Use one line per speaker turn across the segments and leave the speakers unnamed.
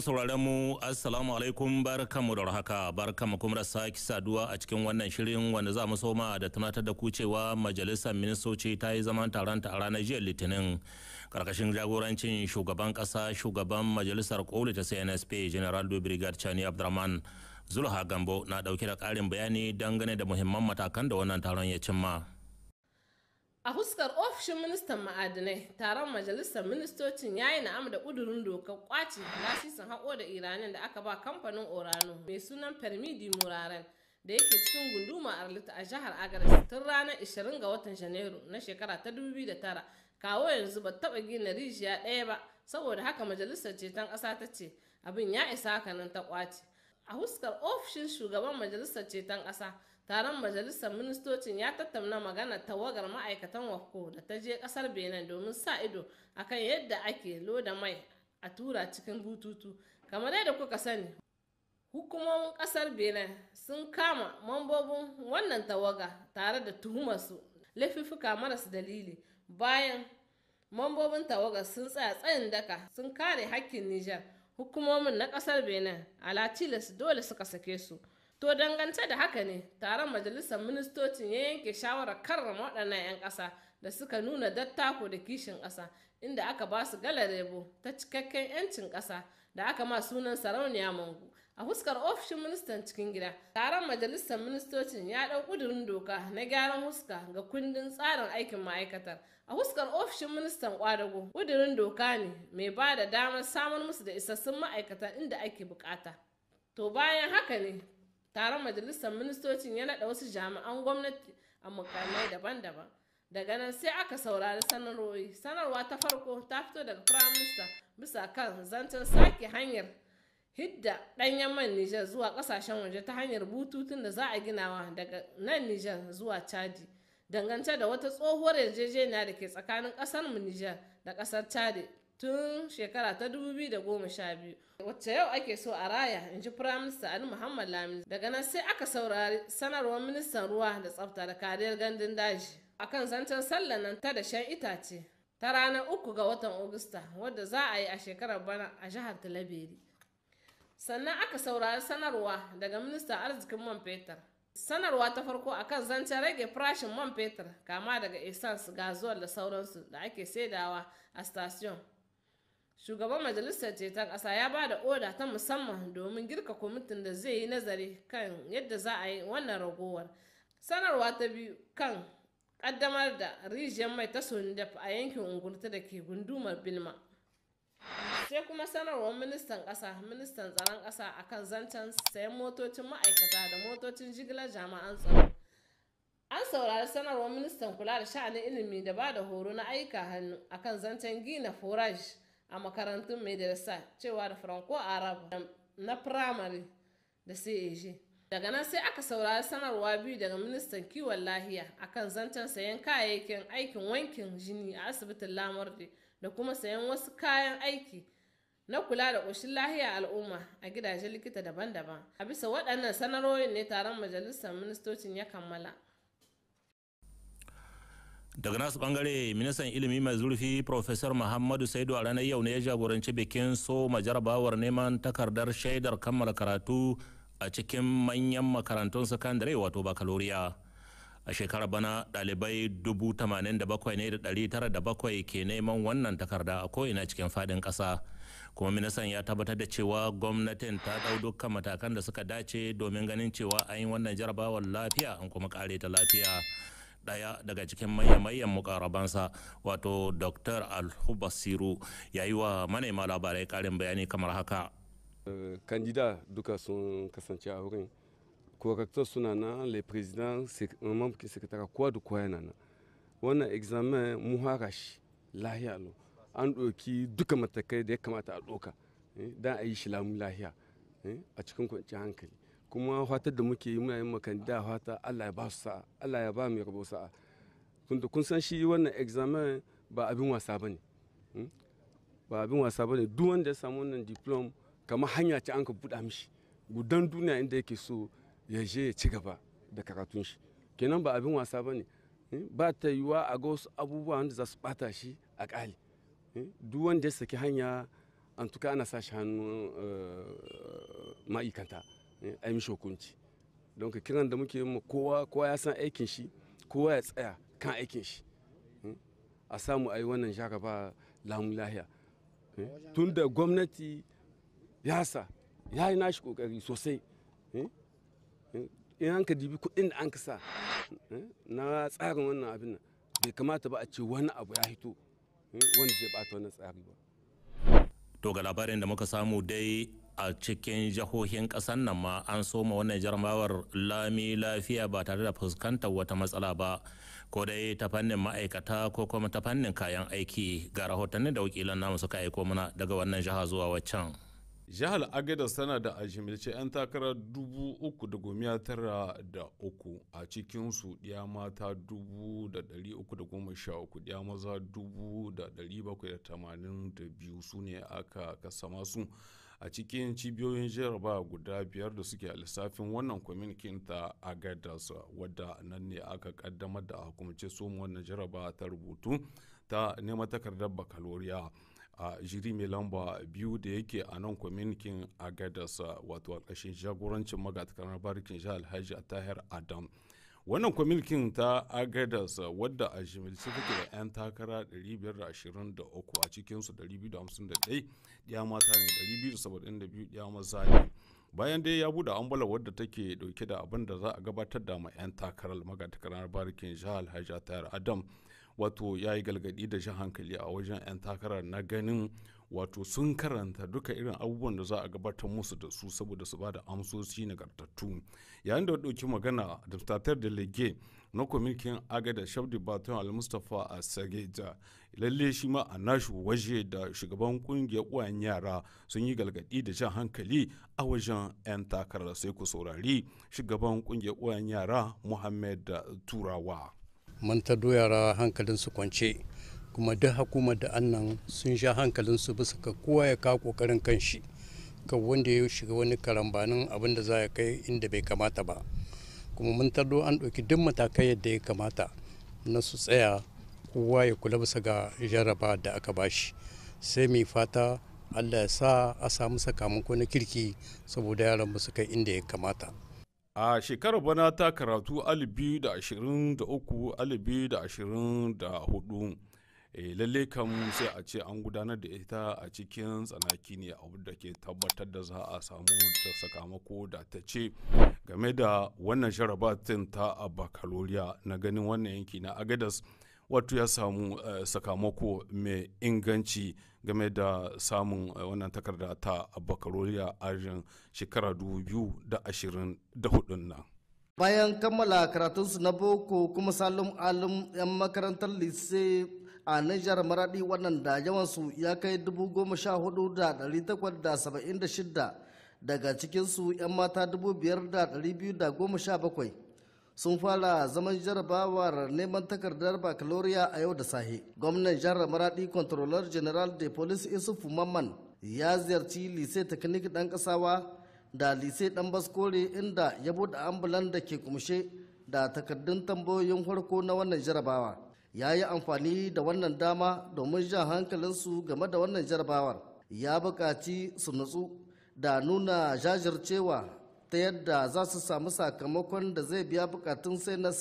sauraron mu assalamu alaikum mu da haka barkamu kuma da sake saduwa a cikin wannan shirin wanda za mu soma da tunatar da ku cewa majalisar ministoci ta yi zaman taronta a ranar jiya litinin karkashin jagorancin shugaban kasa shugaban majalisar koli ta cnsp general do brigade chani abdurrahman zulha gambo na dauke da karin bayani dangane da muhimman matakan da wannan taron ya cimma.
A fuskar ofishin ministan ma'adinai, taron majalisar ministocin ya yi na'am da ƙudurin dokar kwacin lasisin haƙo da iranin da aka ba kamfanin Orano mai sunan Permidi Muraren da yake cikin gunduma Arlita a jihar Agadas tun ranar 20 ga watan Janairu na shekara ta 2009. Kawo yanzu ba taɓa gina rijiya ɗaya ba, saboda haka majalisar ceton ƙasa ta ce abin ya isa hakanan ta kwace A huskar ofishin shugaban majalisar ceton ƙasa, taron majalisar ministocin ya tattauna magana tawagar ma'aikatan wafko da ta je kasar benin domin sa ido akan yadda ake loda mai a tura cikin bututu kamar yadda kuka sani hukumomin kasar benin sun kama mambobin wannan tawaga tare da tuhumar tuhumarsu laifuffuka maras dalili bayan mambobin tawagar sun tsaya tsayin daka sun kare hakkin nijar hukumomin na kasar benin ala dole suka sake su To dangance da haka ne, taron majalisar ministocin ya yanke shawarar karrama waɗannan 'yan ƙasa da suka nuna dattako da kishin ƙasa, inda aka ba su galarebo ta cikakken 'yancin ƙasa da aka ma sunan sarauniya mangu. A fuskar ofishin ministan cikin gida, taron majalisar ministocin ya ɗau ƙudurin doka na gyaran huska ga kundin tsarin aikin ma'aikatar. A fuskar ofishin ministan ƙwadago, ƙudurin doka ne mai ba da damar samar musu da isassun ma'aikata inda ake bukata. To bayan haka ne, taron majalisar ministocin ya naɗa wasu jami'an gwamnati a mukamai daban-daban daga nan sai aka saurari sanarwoyi sanarwa ta farko ta fito daga firaminista bisa kan zancen sake hanyar hidda ɗanyen man nijar zuwa ƙasashen waje ta hanyar bututun da za a ginawa daga nan nijar zuwa chadi dangance da wata tsohuwar yarjejeniya da ke tsakanin ƙasar mu nijar da ƙasar chadi tun shekara ta 2012 wacce yau ake so a raya in ji firaminista ali muhammad lamini daga nan sai aka saurari sanarwar ministan ruwa da tsafta da kariyar gandun daji a kan zancen sallan nan ta da shan itace ta ranar uku ga watan Agusta wadda za a yi a shekarar bana a jihar Talabiri. Sannan aka saurari sanarwa daga ministan arzikin man fetur. Sanarwa ta farko akan zancen rage farashin man fetur kama daga ga zuwa da sauransu da ake saidawa a stasiyon shugaban majalisar ta ƙasa ya ba da oda ta musamman domin girka kwamitin da zai yi nazari kan yadda za a yi wannan ragowar sanarwa ta biyu kan ƙaddamar da rijiyar mai ta sundef a yankin ungurta da ke gundumar bilma sai kuma sanarwar ministan kasa ministan tsaron ƙasa kan zancen sayan motocin ma'aikata da motocin jigilar jami'an tsaro An saurari sanarwar ministan kula da sha'anin ilimi da ba da horo na aika hannu akan zancen gina forage a makarantun madrasa cewa da franco arab na firamare da CAG. Daga nan sai aka saurari sanarwa biyu daga ministan kiwon lahiya akan zancen sayan kayayyakin aikin wankin jini a asibitin Lamurde da kuma sayan wasu kayan aiki na kula da ƙoshin lahiya al'umma a gidajen likita daban-daban. A bisa waɗannan sanarorin ne taron majalisar ministocin ya kammala.
daga nasu bangare ministan ilimi mai zurfi professor muhammadu saidu a ranar yau ne ya jagoranci bikin soma jarabawar neman takardar shaidar kammala karatu a cikin manyan makarantun sakandare wato bakaloriya a shekarar bana dalibai 87,907 ke neman wannan takarda a ko'ina cikin fadin kasa kuma ministan ya tabbatar da cewa gwamnatin ta dau dukkan matakan da suka dace domin ganin cewa an yi wannan jarabawar lafiya an kuma kare ta lafiya daya daga cikin mayan mukarabansa wato dr alhubasiru ya yi wa manema labarai karin bayani kamar haka
eh, kandida duka sun kasance a wurin correcteur suna na le president mamaki ki kowa da kowa yana nan wannan examen mu shi lahiya lo an ɗoki duka matakai da ya kamata a ɗauka, eh, don a yi shi lamu lahiya eh, a cikin kwanci hankali kuma fatar da muke yi muna yin makandida fata Allah ya ba su sa'a Allah ya ba mu rabo sa'a tunda kun san shi wannan examen ba abin wasa bane hmm? ba abin wasa bane duk wanda ya samu wannan diplom kamar hanya ce an ka buɗa mishi gudan duniya inda yake so ya je ya ci gaba da karatun shi kenan ba abin wasa bane hmm? ba ta yiwa a ga wasu abubuwa wanda za su bata shi a ƙali hmm? duk wanda ya saki hanya an tuka ana sa shi hannun eh, ma'aikanta ai mishi hukunci don ka kiran da muke mu kowa kowa ya san aikin shi kowa ya tsaya kan aikin shi hmm? a samu a wannan shaka ba lamun lahiya hmm? tun da gwamnati ya sa ya yi nashi kokari sosai hmm? in an ka dibi kuɗin da an ka sa na tsarin wannan abin nan bai kamata ba a ce wani abu ya hito wanda zai bata wannan tsari ba to ga
labarin da muka samu dai a cikin jihohin kasan nan ma an soma wannan jarmawar lami lafiya ba tare da fuskantar wata matsala ba ko dai ta fannin ma'aikata ko kuma ta fannin kayan aiki ga rahotannin da wakilan namu suka aiko mana daga wannan jiha zuwa waccan.
jihar agada tana da a 'yan takara uku a cikinsu ɗiya mata dubu da da dari uku sha uku ɗiya maza dubu da 782 su ne aka kasama su a cikin cibiyoyin jaraba guda biyar da suke a lissafin wannan kwaminikin ta agadas wadda nan ne aka kaddamar da hukumance su wannan jaraba ta rubutu ta neman takardar bakaloriya a jiri mai lamba biyu da yake a nan kwaminikin agadas wato a ƙarshen jagorancin magatakar barikin jihar alhaji a tahir adam wannan kwamilkin ta agadas wadda a shimilci take da 'yan takara 523 a cikinsu 251 ya mata ne 272 ya maza ne bayan dai ya bude ambala wadda take dauke da abin da za a gabatar da ma 'yan takarar magatakarar barikin jihar hajja tayar adam wato ya yi galgadi da shi hankali a wajen 'yan takara na ganin wato sun karanta duka irin abubuwan da za a gabatar musu da su saboda su ba da amsoci nagartattu yayin da ɗauki magana da delege na kwamitin agada shabdi batun al-mustapha a sageja lalle shi ma a nashi waje da shugaban kungiyar uwayen yara sun yi galgadi da jan hankali a wajen 'yan takarar sai ku saurari
shugaban kungiyar uwayen yara muhammad turawa manta doya doyara hankalin su kwance kuma duk hukumar da annan sun sha hankalin su bisa ka kowa ya ka kokarin kanshi ka wanda ya shiga wani karambanin abin da za ya kai inda bai kamata ba kuma mun tado an ɗauki duk matakai yadda ya kamata na su tsaya kowa ya kula bisa ga jaraba da aka bashi sai mai fata allah ya sa a samu sakamako na kirki saboda yaran su kai inda ya kamata
a shekarar bana ta karatu 2023-2024 e, lalle kam sai a ce an gudanar da ita a cikin tsanaki ne abu da ke tabbatar da za a samu da sakamako da ta ce game da wannan sharabatin ta a bakaloriya na ganin wannan yanki na agadas wato ya samu eh, sakamako mai inganci game da samun eh, wannan takarda ta bakaroriya ajin shekara 2024 nan.
bayan kammala karatunsu na boko kuma salum alum 'yan makarantar lise a Nijar maradi wannan da yawansu ya kai 14,876 daga cikinsu 'yan mata 5,217 sun fara zaman jarabawar neman takardar bakaloriya a yau da sahi. Gwamnan jihar Maradi Controller General de Police Isufu Mamman ya ziyarci Lise Teknik ɗan ƙasawa da Lise ɗan Baskore inda ya buɗe ambulan da ke kumshe da takardun tambayoyin farko na wannan jarabawa. Ya yi amfani da wannan dama domin jan hankalinsu game da wannan jarabawar. Ya buƙaci su nutsu da nuna jajircewa ta yadda za su samu sakamakon da zai biya bukatun sai na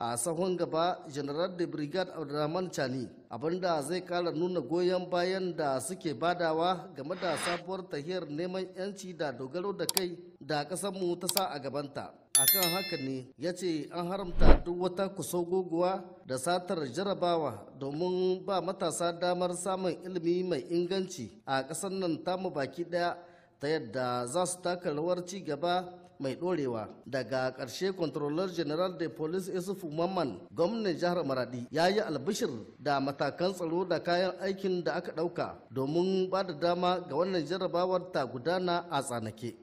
a sahun gaba general de brigade abdulrahman chani abinda zai kara nuna goyon bayan da suke badawa game da sabuwar tahiyar neman yanci da dogaro da kai da kasanmu ta sa a gabanta akan haka ne ya ce an haramta duk wata guguwa da satar jarabawa domin ba matasa damar samun ilimi mai inganci a ƙasar nan tamu baki daya. ta yadda za su taka rawar ci gaba mai ɗorewa, daga ƙarshe controller general de police isufu mamman gwamnan jihar maradi ya yi albishir da matakan tsaro da kayan aikin da aka ɗauka domin ba da dama ga wannan jarrabawar ta gudana a tsanake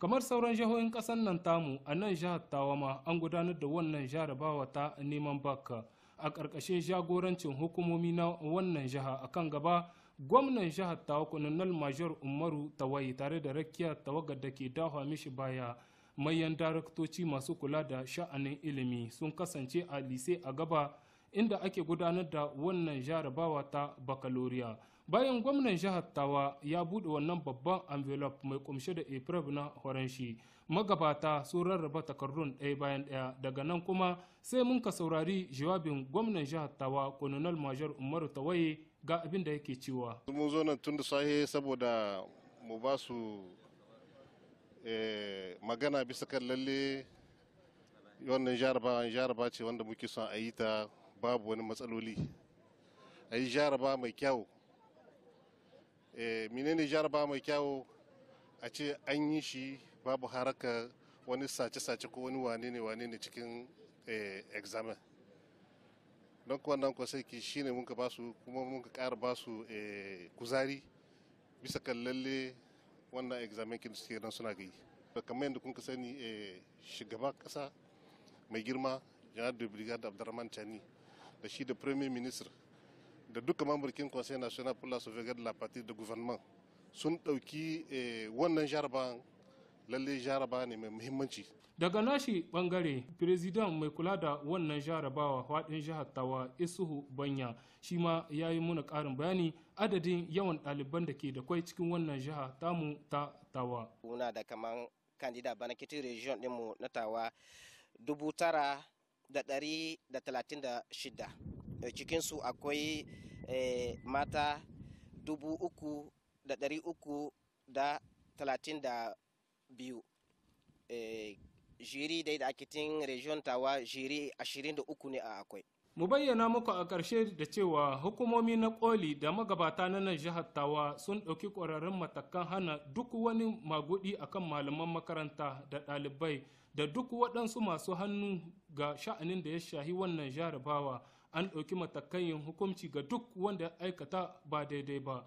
kamar sauran jihohin ƙasar nan tamu a nan jihar tawama an gudanar da wannan jarrabawa ta neman baka a ƙarƙashin jagorancin hukumomi na wannan jiha akan gaba gwamnan jihar tawa kununal major umaru tawayi tare da rakiyar tawaga da ke dawa mishi baya mayan daraktoci masu kula da sha'anin ilimi sun kasance a lise a gaba inda ake gudanar da wannan jarabawa ta bakaloriya bayan gwamnan jihar tawa ya buɗe wannan babban envelope mai kumshe da april na horanshi magabata sun rarraba takardun ɗaya bayan ɗaya daga nan kuma sai mun ka saurari jawabin gwamnan jihar tawa kononal major umaru tawaye ga abin da yake cewa
mun zo nan tun da sahi saboda mu ba su eh, magana bisa kan lalle wannan jaraba jaraba ce wanda muke son a yi ta babu wani matsaloli a yi jaraba mai kyau eh, menene jaraba mai kyau a ce an yi shi babu haraka wani sace-sace ko wani wane ne wane ne cikin eh, examen don wannan kwasaki shine muka ba su kuma muka kara basu eh, kuzari bisa kan lalle wannan examen kin suke nan suna gai kamar yadda kuka sani eh, shugaban ƙasa mai girma janar da brigade abdurrahman chani da shi da premier minister da duka mamurkin conseil national pour la sauvegarde de da gouvernement sun ɗauki eh, wannan jarabawan lalle jaraba ne mai muhimmanci
daga nashi bangare firizidan mai kula da wannan jarabawa fadin jihar tawa isuhu banya shi ma ya yi muna karin bayani adadin yawan ɗaliban da ke da kwai cikin wannan jiha tamu ta tawa
muna da kaman kandida banakitin region dinmu na tawa dubu tara da ɗari da talatin da shida eh, cikinsu akwai eh, mata dubu uku da ɗari uku da talatin da biyu eh, jiri dai da ake tin region tawa jiri uku ne a akwai
mu bayyana muku a karshe da cewa hukumomi na koli da magabata na nan jihar tawa sun ɗauki ƙwararrun matakan hana duk wani magudi akan malaman makaranta da ɗalibai da duk waɗansu masu hannu ga sha'anin da ya shahi wannan jarabawa an ɗauki matakan yin hukunci ga duk wanda aikata ba daidai ba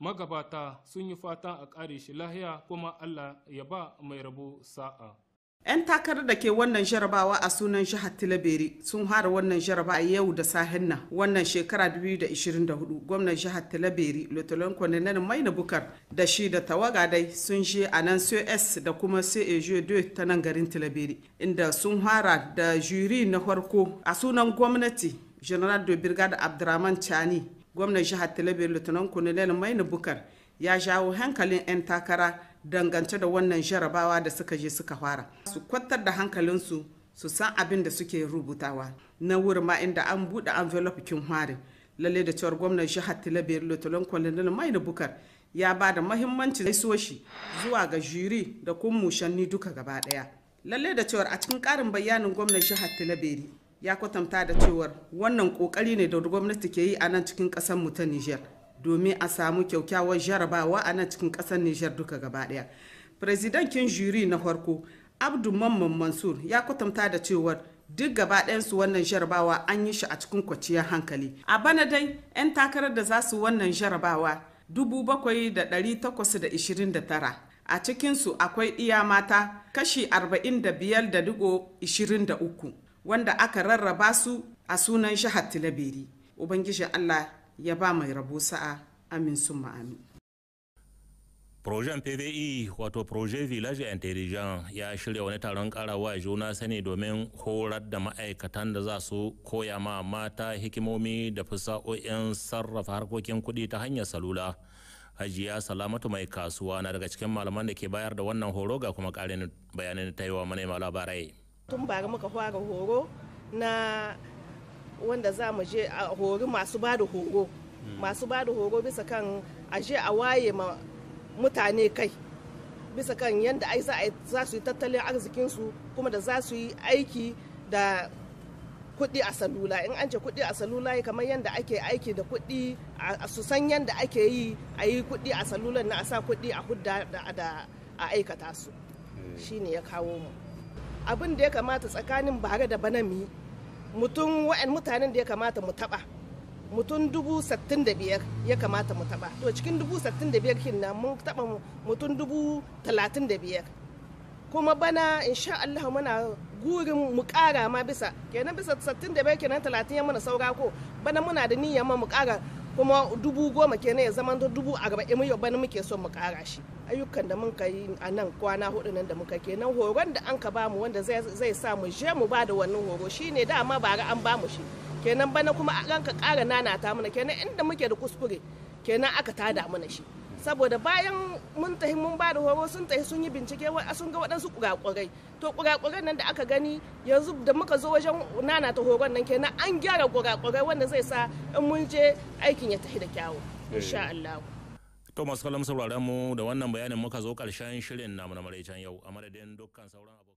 magabata sun yi fata a kare shi lahiya kuma Allah ya ba mai rabo sa'a.
'Yan takarar da ke wannan jarabawa a sunan jihar Tilaberi sun fara wannan jaraba yau da sahin nan wannan shekara 2024 gwamnan jihar Tilaberi Lieutenant mai na Bukar da shi da tawaga dai sun je a nan COS da kuma CAJ ta nan garin Tilaberi inda sun fara da juri na farko a sunan gwamnati General dobirga da Abdurrahman Chani gwamnan jihar talabi lieutenant colonel maina bukar ya jawo hankalin 'yan takara dangance da wannan jarabawa da suka je suka fara su kwantar da hankalinsu su san abin da suke rubutawa na wuri ma inda an buɗe envelope kin harin lalle da cewar gwamnan jihar talabi lieutenant colonel maina bukar ya ba da mahimmancin iso shi zuwa ga jiri da kun mushanni duka gaba daya lalle da cewar a cikin karin bayanin gwamnan jihar talabi ya kwatanta da cewar wannan kokari ne da gwamnati ke yi a nan cikin kasan mu ta Nijar domin a samu kyaukyawar jarabawa a nan cikin kasar Nijar duka gaba daya. juri na farko Abdu Mamman Mansur ya kwatanta da cewar duk gaba su wannan jarabawa an yi shi a cikin kwaciyar hankali. A bana dai 'yan takarar da za su wannan jarabawa 7,829 a cikinsu akwai iya mata kashi 45.23 wanda aka rarraba su a sunan shahar tilaberi ubangiji allah ya ba mai rabo sa'a amin sun ma'ami
Projen PVE wato Projet Village Intelligent ya shirya wani taron karawa juna sani domin horar da ma'aikatan da za su koya ma mata hikimomi da fasa'o'in sarrafa harkokin kudi ta hanyar salula. Hajiya Salamatu mai kasuwa na daga cikin malaman da ke bayar da wannan horo ga kuma karin bayanin ta yi wa manema labarai.
tun bara muka fara horo na wanda za mu je a hori masu ba da horo hmm. masu ba da horo bisa kan aje a waye ma mutane kai bisa kan yadda ai za su yi tattalin arzikinsu kuma da za su yi aiki da kuɗi a salula in an ce kuɗi a salula kamar yadda ake aiki da kuɗi a su san yadda ake yi a yi kuɗi a salulan na a sa kuɗi a hudda da a aikata su hmm. shine ya kawo mu abin da ya kamata tsakanin bare da bana mu mutum wa'an mutanen da ya kamata mu taba mutum dubu sattin da biyar ya kamata mu taba to cikin dubu sattin da biyar kin nan mun taba mutum dubu talatin da biyar kuma bana insha Allah muna gurin mu kara ma bisa kenan bisa sattin da biyar kenan talatin ya mana saura ko bana muna da niyyar ma mu kara kuma dubu goma kenan ya zama dubu arba'in mu yabani muke son mu kara shi ayyukan da mun kai a nan kwana hudu nan da muka kenan horon da an ka bamu wanda zai sa mu je mu ba da wannan horo shine dama bara an bamu shi kenan bana kuma an ka kara nanata mana kenan inda muke da kuskure kenan aka tada mana shi saboda bayan mun tafi mun ba da horo sun tafi sun yi bincike sun ga waɗansu kurakurai to kurakurai nan da aka gani yanzu da muka zo wajen nana ta horon nan kenan an gyara kurakurai wanda zai sa in mun je aikin ya tafi da kyawu eh. insha Allah
to masu kallon sauraron mu da wannan bayanin muka zo karshen shirin namu na maraicen yau a madadin dukkan sauran abu.